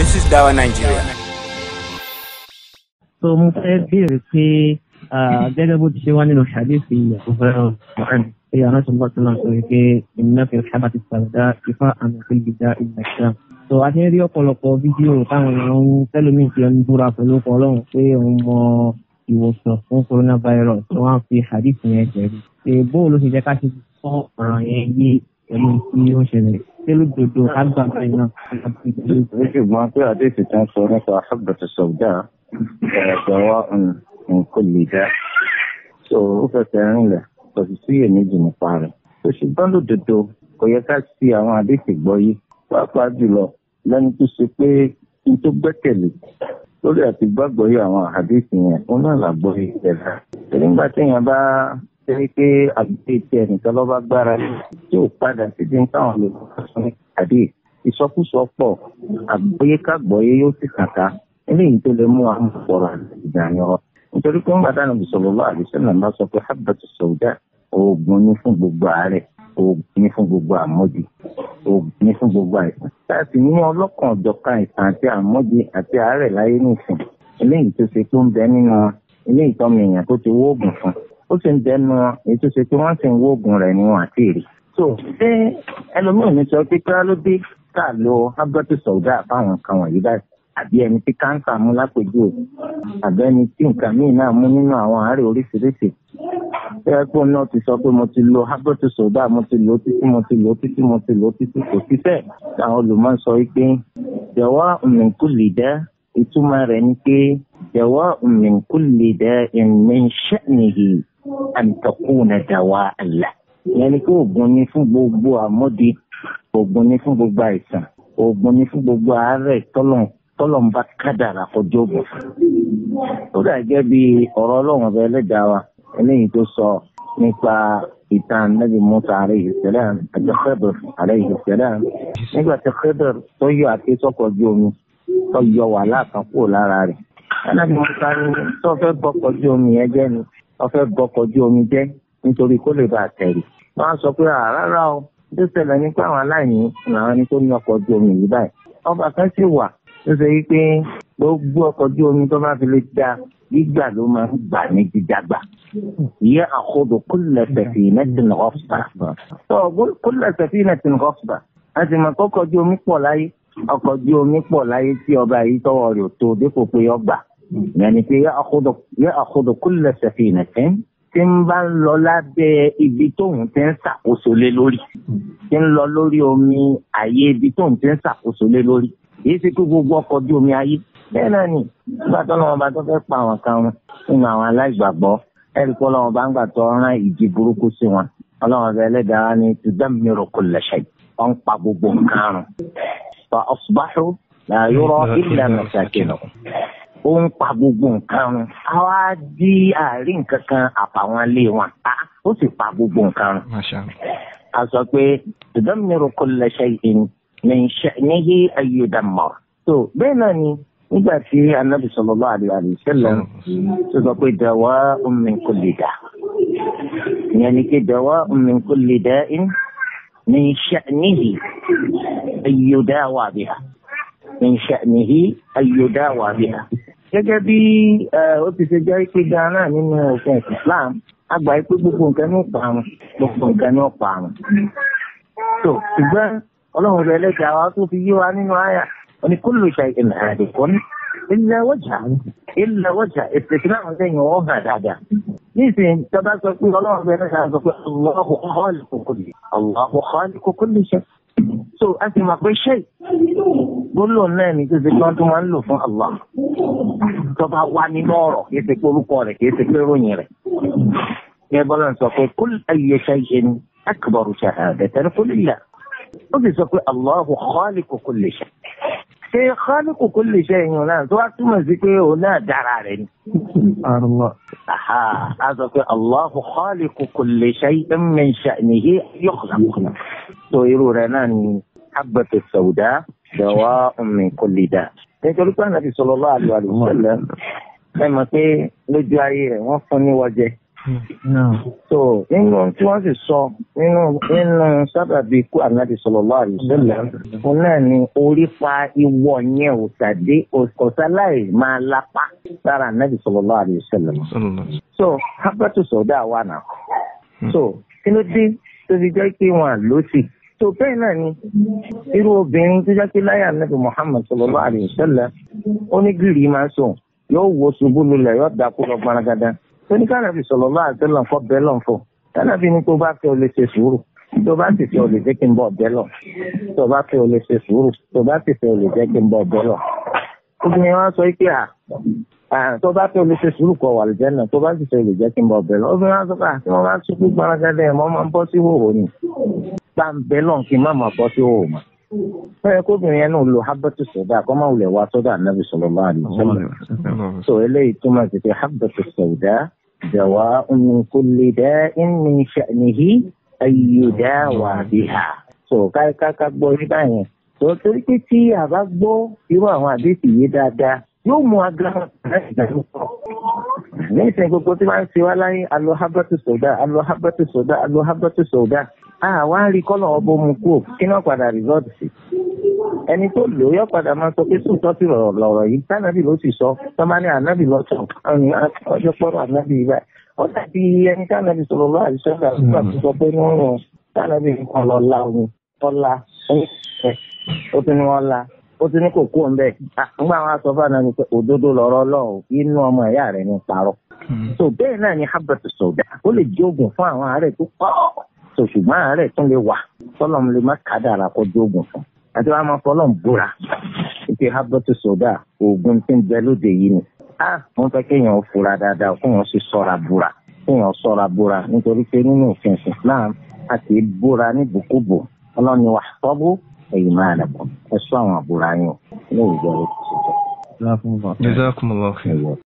This is Dawa Nigeria. So mo fẹ́ béèrè pé gẹ́gẹ́ bó ti ṣe wá nínú ṣàdéṣì ìyàgbọ́ ọ̀hún pé àwọn tó ń bọ̀ tó lọ sọ pé ìmúná fi ṣábà ti sàrọ̀dá ifá àmì tó lè dá ìgbà So a ti ń rí ọ̀pọ̀lọpọ̀ fídíò táwọn èèyàn ń fẹ́lómi ti ń búra pẹ̀lú ọkọ̀ ọlọ́run pé òun mọ ìwòsàn fún coronavirus tí wọ́n fi ṣàdéṣì yẹn jẹ̀rí. Ṣé bóòlù ti jẹ́ ká ṣe lódodo agbàgbé náà. ní ṣùgbọ́n pé àdéhùn tán sọ nípa àbẹ̀tẹ̀ sọ̀dá ẹ̀ẹ́dọ̀wọ́ nǹkan lè dá so ó fẹsẹ̀ rinlẹ̀ kò sì sí èméjì nípa rẹ̀. tó ṣùgbọ́n lódodo kò yẹ ká sí àwọn àdéhùn gbọ́ yìí pàápàá jùlọ lẹ́ni tó ṣe pé n tó gbẹ́kẹ̀lé lórí àti gbàgbọ́ yìí àwọn àdéhùn yẹn òun náà làgbọ́ yìí ṣe ni pé àgbẹ̀ tí ẹnìkan lọ́ba gbára tí ò padà síbi ń táwọn lè lọ́wọ́ sọ ní kàdé ìsọkúsọ pọ̀ àgbọ̀yé kàgbọ̀yé yóò sì kàkà eléyìí tó lè mú àwọn ọ̀rọ̀ ìdààyàn ọ. nítorí pé wọn bàtà àdìsẹ́nà bá sọ pé habatu sauda oògùn ni fún gbogbo àárẹ̀ oògùn ni fún gbogbo àmọ́dì oògùn ni fún gbogbo àìsàn. láti ní ọlọ́kan ọ̀jọ̀kan àìsàn àti àmọ́dì àti àárẹ̀ láyé nìsín eléyìí tó ṣe tó ń bẹ nínú eléyìí tó mi èèyàn tó ti wóògùn fún ó sì ń bẹnu ètò ṣe pé wọ́n sì ń wóògùn rẹ̀ ni wọ́n àti rí. so ṣé ẹlòmíràn ní sọ pé kíá ló dé ká lo agbẹ́tù sọ̀dá fáwọn nǹkan wọ̀nyí báyìí àbí ẹni tí káńsà mú lápèjúwe àbí ẹni tí nǹkan míì náà mú nínú àwọn àárẹ̀ oríṣiríṣi ẹ̀ẹ́pọ̀ náà ti sọ pé mo ti lo agbẹ́tù sọ̀dá mo ti lo títí mo ti lo títí mo ti lo títí kò sí bẹ́ẹ̀ àwọn olùmọ̀ sọ pé jọ̀wọ́ nǹkú ìtumọ̀ rẹ̀ ni pé jọ̀wọ́ nǹkú lè nìyí àǹtọ̀kùn ẹ̀dàwà àlà ìyẹn ni pé oògùn ni fún gbogbo àmódi oògùn ni fún gbogbo àìsàn oògùn ni fún gbogbo àárẹ̀ tọ́lọ̀n tọ́lọ̀n bá kádàrà kọjá oògùn fún. ó dà gẹ́gẹ́ bí ọ̀rọ̀ ọlọ́run ọba ẹlẹ́dàá wa eléyìí tó sọ nípa ìtàn nàbì musa aleyhi salam àti khidr aleyhi salam nígbà tí khidr tó yọ àti sọkọ ju omi tó yọ wàhálà kan kúrò lára rẹ̀ nàbì musa ni tó fẹ́ bọ́ kọjú omi yẹn jẹ́ ni wọ́n fẹ́ bọkọ̀ ojú omi jẹ́ nítorí kó lè bàa tẹ̀lé wọ́n á sọ pé rárá o tó ṣẹlẹ̀ ní pé àwọn aláìní làwọn ni tó ní ọkọ̀ ojú omi yìí báyìí ọba kan sì wà tó ṣe wípé gbogbo ọkọ̀ ojú omi tó bá fi lè da gbígbà ló máa ń gbà ní dídàgbà yẹ àkóso kólẹ̀ tẹ̀sí nẹ́tìn ọ̀fà tó kólẹ̀ tẹ̀sí nẹ́tìn ọ̀fà láti mọ̀ kọ́kọ́ ojú omi pọ̀ láyé ọkọ̀ ojú omi pọ̀ láyé tí ọba yìí tọwọ́ rẹ̀ tó dépò pé ọgbà yẹnni pé yẹ àkóso kúlẹ̀ sẹ̀fìnà tẹ́ tí ń bá ń lọ lábẹ́ ibi tóun ti ń ṣàkóso lé lórí tí ń lọ lórí omi àyè ibi tóun ti ń ṣàkóso lé lórí èyí ti kó gbogbo ọkọ̀ ojú omi ayé bẹ́ẹ̀ náà ni nígbà tó lọ́wọ́ bá tó fẹ́ pa àwọn kan wọn nínú àwọn aláìgbàgbọ́ ẹ̀rí kó lọ́wọ́ bá ń gbà tó rán ìjì burúkú sí wọn ọlọ́wọ́ bẹ́ẹ̀ lẹ́dàá ni ti dámìíràn kò lẹ́sẹ̀ ọ̀ ń pa gbogbo nǹkan rùn. fa asbahu la yura illa masakinuhum ó ń pa gbogbo nǹkan run a wá dí àárín nǹkan kan àbàwọn ilé wọn a ó sì pa gbogbo nǹkan run. a sọ pé tudammiru kulla shay'in min sha'nihi ayudammar. tó bẹ́ẹ̀ náà ni nígbà tí anabi sallallahu alaihi wasallam tó sọ pé dawa'un min kulli da' ìyẹn ni pé dawa'un min kulli da'in min sha'nihi ayudawa biha min sha'nihi ayudawa biha gẹ́gẹ́ bí eh, ó ti ṣe jẹ́ pé ganan nínú òfin Islam àgbà pé gbogbo nǹkan ní ọ̀pọ̀ àrùn gbogbo nǹkan ní ọ̀pọ̀ àrùn. tó ṣùgbọ́n ọlọ́run rẹ̀ lẹ́jà wa tó fi yé wa nínú àyà òní kó lè ṣe ìlànà kọ́ ní ilẹ̀ ọjà ilẹ̀ ọjà ìpèsè náà ń sẹ́yìn ọwọ́ hàn dáadáa. nísìnyí tọ́ba sọ pé ọlọ́run rẹ̀ lẹ́jà sọ pé Allahu khaliqu gbólóhùn náà ní kéṣe kí wọ́n tún máa ń lò fún Allah tó bá wá nínú ọ̀rọ̀ kìí ṣe pé orúkọ rẹ̀ kìí ṣe pé ròyìn rẹ̀ ní ẹ bọ́lá ń sọ pé kul ayyi shay'in akbaru shahadatan qul lillah ó sì sọ pé Allahu khaliqu kulli shay ṣe khaliqu kulli shay yìí náà tó wá túmọ̀ sí pé òun náà dára rẹ̀ ni. a sọ pé Allahu khaliqu kulli shay'in min sha'nihi yukhlaq. tó irú rẹ̀ náà ni habbatu sawa'un min kulli da. nítorí pé ànábì sallallahu alaihi wa sallam ẹ mọ̀ pé lójú ayé rẹ̀ wọ́n fún ní wọ́jẹ́. so nínú tí wọ́n sì sọ nínú nínú sábàbí ikú ànábì sallallahu alaihi wa sallam fún náà ni orí pa ìwọ yẹn òtàdé òtàláì máa lápá lára ànábì sallallahu alaihi wa sallam. so habatu sọ̀dá wà náà. so kí ló dé tó fi jẹ́ pé wọ́n à lóṣì tó bẹ́ẹ̀ náà ni irú obìnrin tó jẹ́ pé láyà nàbì Muhammad sallallahu alaihi wasallam ó ní gírì máa sùn yóò wo ṣubú lulẹ̀ yóò dákú lọ gbaragada tó ní kánàbì sallallahu alaihi wasallam fọ́ bẹ́ẹ̀ lọ́n fọ́ kánàbì ní tó bá fẹ́ o lè ṣe sùúrù tó bá sì fẹ́ o lè jẹ́ kí n bọ̀ bẹ́ẹ̀ lọ tó bá fẹ́ o lè ṣe sùúrù tó bá sì fẹ́ o lè jẹ́ kí n bọ̀ bẹ́ẹ̀ lọ. obìnrin wa sọ pé tó bá fẹ́ o lè ṣe sùúrù kọ wà lẹ́jẹ̀ náà tó bá sì fẹ́ o lè jẹ́ kí n bọ̀ bẹ́ẹ̀ lọ obìnrin wa sọ pé à tí bá ṣubú gbaragada ẹ̀ bá ń bẹ lọ́n kí n má máa bọ́ sí òun mọ́. ó yẹ kóbìnrin yẹn náà lo habatu sọ̀dà kó má wulẹ̀ wá sọ́dà nàbì sallallahu alaihi wasallam. so eléyìí túmọ̀ sí pé habatu sọ̀dà dawa'un min kulli da'in min sha'nihi an yudawa biha. so káríkáká gbọ́ rí báyẹn. tó torí pé tí a bá gbọ́ irú àwọn àdéhùn yìí dáadáa yóò mú agbára láti dàrúkọ. ní ìsìn gbogbo tí wọ́n ń ṣe wá láyé alohabatu sọ̀dà alohabatu sọ̀dà alohabatu sọ̀dà a ah, ń rí kọ́lọ̀ ọbọ̀ mu kú kí náà padà rìsọ́ọ̀tì sí ẹni tó lò yọ padà máa sọ pé sùtọ́ sí lọ̀rọ̀ yìí tánàbì ló sì sọ tọ́mání ànábì lọ́tọ̀ ọjọ́ pọ́rọ̀ yìí báyìí ó dàbí ẹni sọ̀rọ̀ lọ́wọ́ sọ pé wọ́n lọ la omi ọ̀la ó ti ní wọ́n la ó ti ní kò kú ah, nígbà wọn sọ fún pé òdodo lọ́wọ́ inú ọmọ ẹ̀yà ní parọ́ hmm. so bẹ́ẹ̀ náà ni so ṣùgbọ́n àárẹ̀ tún lè wà fọlọ́n lè má kádàrá kó dóògùn fún àti wọn a máa fọlọ́n búra ìpè habatu soda oògùn tí ń bẹ lóde yìí ni a wọn fẹ́ kéèyàn fura dáadáa kéèyàn sì ṣọ́ra búra kéèyàn ṣọ́ra búra nítorí pé nínú òfin Islam a kì í búra ní bùkúbù ọlọ́ni wà tọ́bú ẹ̀yìn máa dàbọ̀ ẹ sọ àwọn àbúrò ayọ̀ ní ìjọ rẹ̀